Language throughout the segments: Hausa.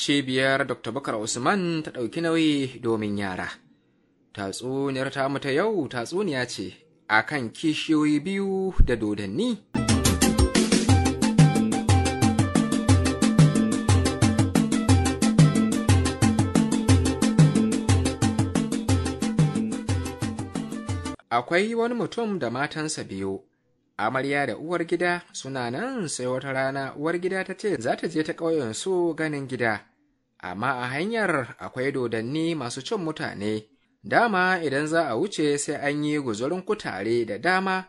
cibiyar dr bakar usman ta ɗauki nauyi domin yara tatsuniyar ta ta yau tatsuniya ce a kan kishiyoyi biyu da dodanni akwai wani mutum da matansa biyu amarya da uwar gida suna nan sai wata rana uwar gida ta ce za ta je ta ƙauyen su ganin gida amma a hanyar akwai dodanni masu cin mutane dama idan za a wuce sai an yi guzurin kutare da dama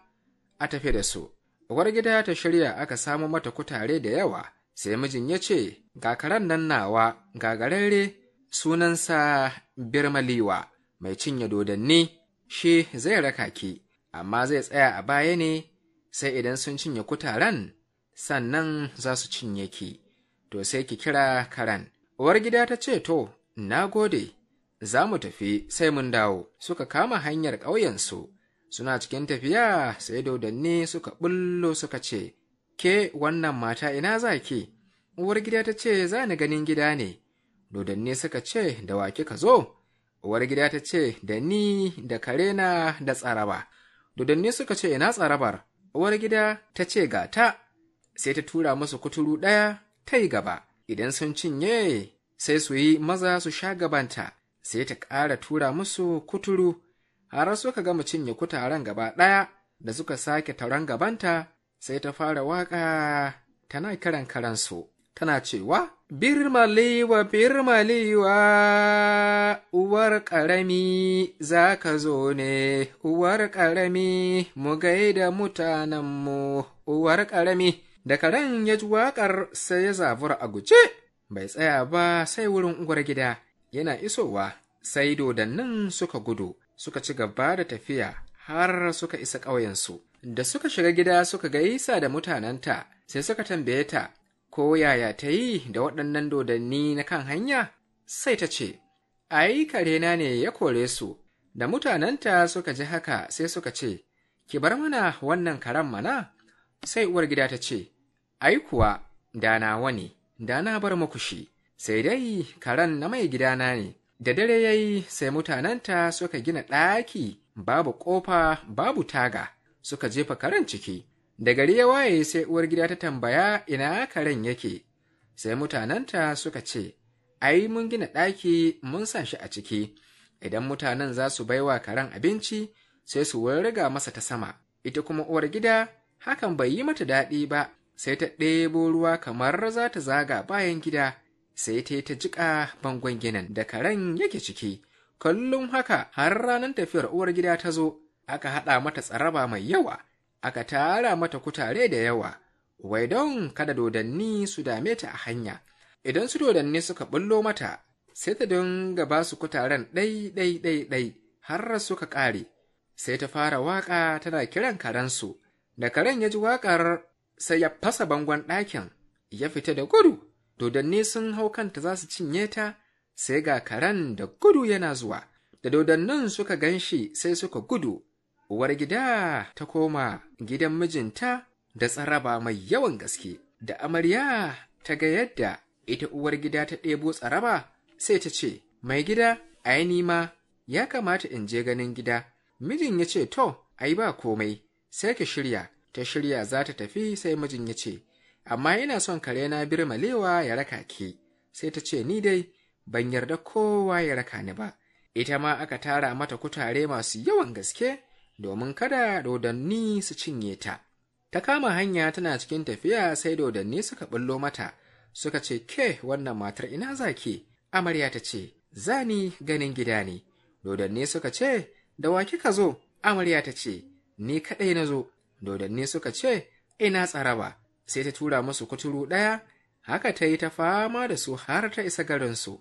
a tafi da su uwar gida ta shirya aka samo mata kutare da yawa sai mijin ya ce ga karen nan nawa gagararre sunansa birmaliwa mai cinye dodanni shi zai raka ki amma zai tsaya a baya ne sai idan sun cinye kutaren sannan za su cinye ki to sai ki kira karen uwar gida ta ce to na gode za mu tafi sai mun dawo suka kama hanyar ƙauyensu suna cikin tafiya sai dodanni suka bullo suka ce ke wannan mata ina za ki uwar gida ta ce za ni ganin gida ne dodanni suka ce da wa kika zo uwar gida ta ce da ni da karena da tsaraba dodanni suka ce ina tsarabar uwar gida ta ce ga ta sai ta tura musu kuturu ɗaya ta yi gaba idan sun cinye sai su yi maza su sha gabanta sai ta ƙara tura musu kuturu har suka gama cinye kutaren gaba ɗaya da suka sake taron gabanta sai ta fara waƙa tana karan karansu tana cewa birmaliwa birmaliwa uwar ƙarami za ka zo ne uwar ƙarami mu gaida mutanenmu uwar ƙarami Da karen ya ji waƙar sai ya zabura a guje, bai tsaya ba sai wurin uwar gida, yana isowa sai dodannin suka gudu, suka ci gaba da tafiya har suka isa ƙauyensu. Da suka shiga gida suka gaisa da mutanenta, sai suka tambaye ta ko yaya ta yi da waɗannan dodanni na kan hanya, sai ta ce, Ai, karena ne ya kore su, da mutanenta suka ji haka sai suka ce, Ki bar mana wannan karen mana, sai uwar gida ta ce ai kuwa da wani, dana bar muku shi sai dai karen na mai gidana ne da dare ya yi sai mutanenta suka gina ɗaki babu ƙofa babu taga suka jefa karen ciki da gari ya waye sai uwar gida ta tambaya ina karen yake sai mutanenta suka ce ai mun gina ɗaki mun sa shi a ciki idan mutanen za su baiwa karen abinci sai su riga masa ta sama ita kuma uwar gida hakan bai yi mata daɗi ba sai ta ɗebo ruwa kamar za ta zaga bayan gida sai ta ta jiƙa bangon ginin da karen yake ciki kullum haka har ranar tafiyar uwar gida ta zo aka haɗa mata tsaraba mai yawa aka tara mata kutare da yawa wai don kada dodanni su dame ta a hanya idan su dodanni suka bullo mata sai ta dinga ba su kutaren ɗai ɗai ɗai ɗai har suka ƙare sai ta fara waƙa tana kiran karensu Da karen ya ji waƙar sai ya fasa bangon ɗakin ya fita da gudu, dodanni sun hau kanta za su cinye ta sai ga karen da gudu yana zuwa. Da dodannin suka gan shi sai suka gudu, uwar gida ta koma gidan mijinta da tsaraba mai yawan gaske. Da amarya ta ga yadda ita uwar gida ta ɗebo tsaraba sai ta ce, Mai gida, ai nima ya kamata in je ganin gida. Mijin ya ce, To, ai ba komai, sai ki shirya ta shirya za ta tafi sai mijin ya ce amma ina son kare na birmalewa ya raka ke sai ta ce ni dai ban yarda kowa ya raka ni ba ita ma aka tara mata kutare masu yawan gaske domin kada dodanni su cinye ta ta kama hanya tana cikin tafiya sai dodanni suka bullo mata suka ce ke wannan matar ina zaki amarya ta ce zani ganin gida ne dodanni suka ce da wa kika zo amarya ta ce ni kaɗai na zo, dodanni suka ce, ina tsaraba, sai ta tura musu kuturu ɗaya, haka ta yi ta fama da su har ta isa garinsu,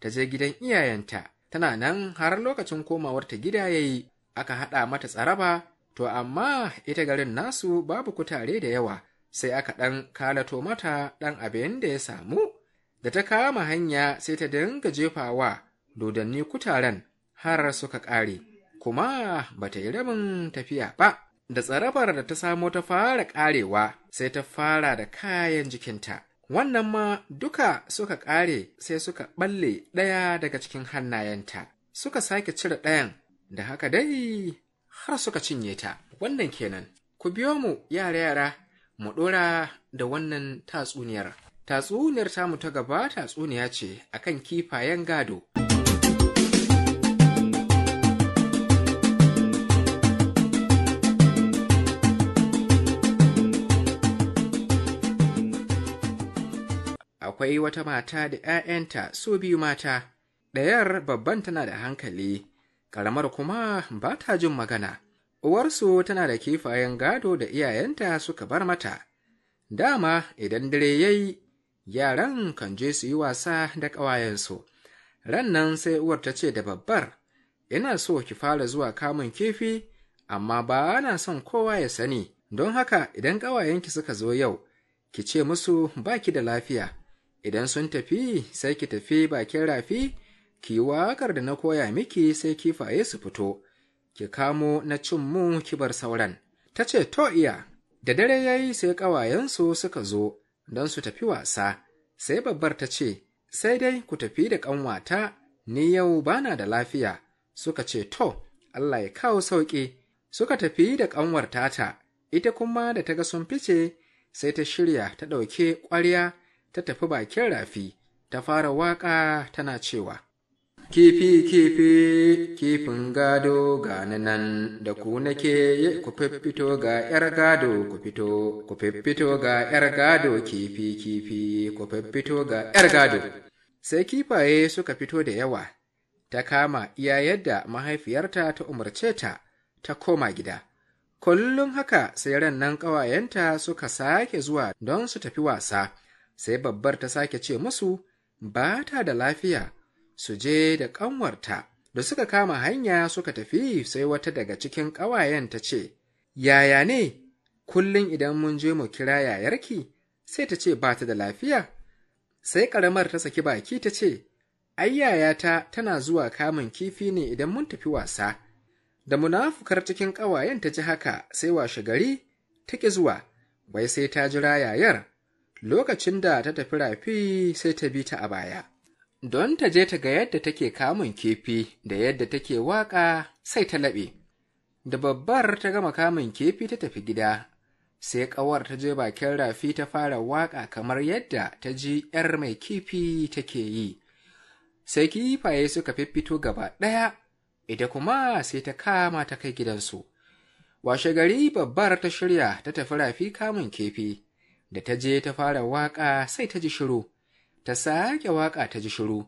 ta je gidan iyayenta, tana nan har lokacin komawarta gida ya yi, aka haɗa mata tsaraba, to amma ita garin nasu babu kutare da yawa, sai aka ɗan kalato mata ɗan abin da ya samu, da ta kama hanya sai ta dinga jefawa dodanni kutaren har suka ƙare. kuma ba ta yi rabin tafiya ba. Da tsarafar da ta samo ta fara ƙarewa sai ta fara da kayan jikinta. Wannan ma duka suka ƙare sai suka ɓalle ɗaya daga cikin hannayenta, suka sake cire ɗayan, da haka dai har suka cinye ta. Wannan kenan, ku biyo mu yara-yara mu ɗora da wannan tatsuniyar. Tatsuniyar tamu ta gaba tatsuniya ce a kan kifayen gado. akwai wata mata da ‘ya'yanta su biyu mata, ɗayar babban tana da hankali, ƙaramar kuma ba ta jin magana. Uwarsu tana da kifayen gado da iyayenta suka bar mata. Dama idan dare ya yi, yaran kan je su yi wasa da ƙawayensu. Ran nan sai uwar ta ce da babbar, ina so ki fara zuwa kamun kifi, amma ba na son kowa ya sani, don haka idan ƙawayenki suka zo yau, ki ce musu baki da lafiya, idan sun tafi sai ki tafi bakin rafi ki waƙar da na koya miki sai ki faye su fito ki kamo na cin mu ki bar sauran ta ce to iya da dare ya yi sai ƙawayensu suka zo don su tafi wasa sai babbar ta ce sai dai ku tafi da ƙanwata ni yau bana da lafiya suka ce to Allah ya kawo sauƙi suka tafi da ƙanwar tata ita kuma da ta ga sun fice sai ta shirya ta ɗauke ƙwarya ta tafi bakin rafi ta fara waƙa tana cewa kifi kifi kifin gado ga nan da ku nake ku fiffito ga yar gado ku fito ku fiffito ga yar gado kifi kifi ku fiffito ga yar gado sai kifaye suka fito da yawa ta kama iya yadda mahaifiyarta ta umarce ta ta koma gida kullum haka sai ran nan ƙawayenta suka sake zuwa don su tafi wasa sai babbar ta sake ce musu ba ta da lafiya su je da ƙanwarta da suka kama hanya suka tafi sai wata daga cikin ƙawayen ta ce yaya ne kullum idan mun je mu kira yayarki sai ta ce ba ta da lafiya sai ƙaramar ta saki baki ta ce ai yayata tana zuwa kamun kifi ne idan mun tafi wasa da munafukar cikin ƙawayen ta ji haka sai washe gari ta ƙi zuwa wai sai ta jira yayar lokacin da ta tafi rafi sai ta bi ta a baya don ta je ta ga yadda take kamun kifi da yadda take waƙa sai ta laɓe da babbar ta gama kamun kifi ta tafi gida sai ƙawar ta je bakin rafi ta fara waƙa kamar yadda ta ji ‘yar mai kifi take yi sai kifaye suka fiffito gaba ɗaya ita kuma sai ta kama ta kai gidansu washe gari babbar ta shirya ta tafi rafi kamun kifi da ta je ta fara waƙa sai ta ji shiru ta sake waƙa ta ji shiru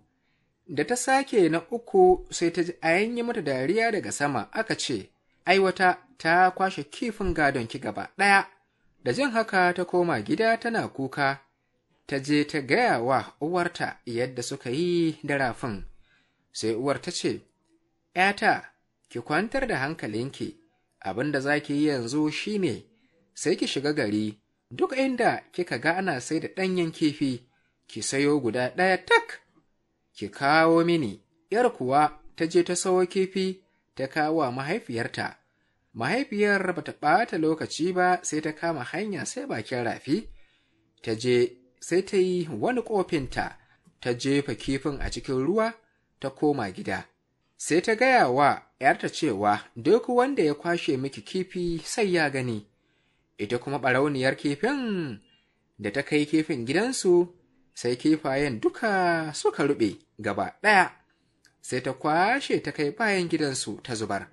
da ta sake na uku sai ta ji ayan yi mata dariya daga sama aka ce aiwata ta kwashe kifin gadon ki gaba ɗaya da jin haka ta koma gida tana kuka ta je ta gaya wa uwarta yadda suka yi da rafin sai uwar ta ce ‘yata ki kwantar da hankalinki abin da za ki yi yanzu shi ne, sai ki shiga gari duk inda kika ga ana sai da ɗanyen kifi, ki sayo guda ɗaya tak, ki kawo mini, ‘yar kuwa ta je ta sawo kifi ta kawo mahaifiyarta. Mahaifiyar ba ta ɓata lokaci ba sai ta kama hanya sai bakin rafi, ta je sai ta yi wani ƙofinta, ta jefa kifin a cikin ruwa, ta koma gida. Sai ta gaya wa ‘yarta cewa duk wanda ya kwashe miki kifi sai ya gani. ita kuma ɓarauniyar kifin da ta kai kifin gidansu sai kifayen duka suka ruɓe gaba ɗaya sai ta kwashe ta kai bayan gidansu ta zubar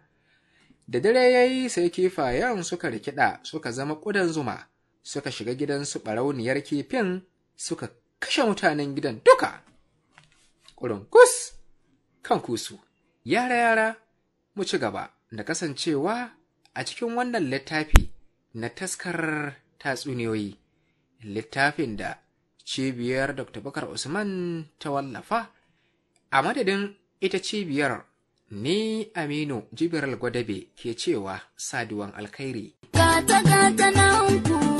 da dare ya yi sai kifayen suka rikida suka zama ƙudan zuma suka shiga gidansu ɓarauniyar kifin suka kashe mutanen gidan duka ƙurunkus kan kusu yara yara mu ci gaba da kasancewa a cikin wannan littafi na taskar tatsuniyoyi littafin da cibiyar dr bakar usman ta wallafa a madadin ita cibiyar ni aminu jibiral gwadabe ke cewa saduwan alkhairi gata gata na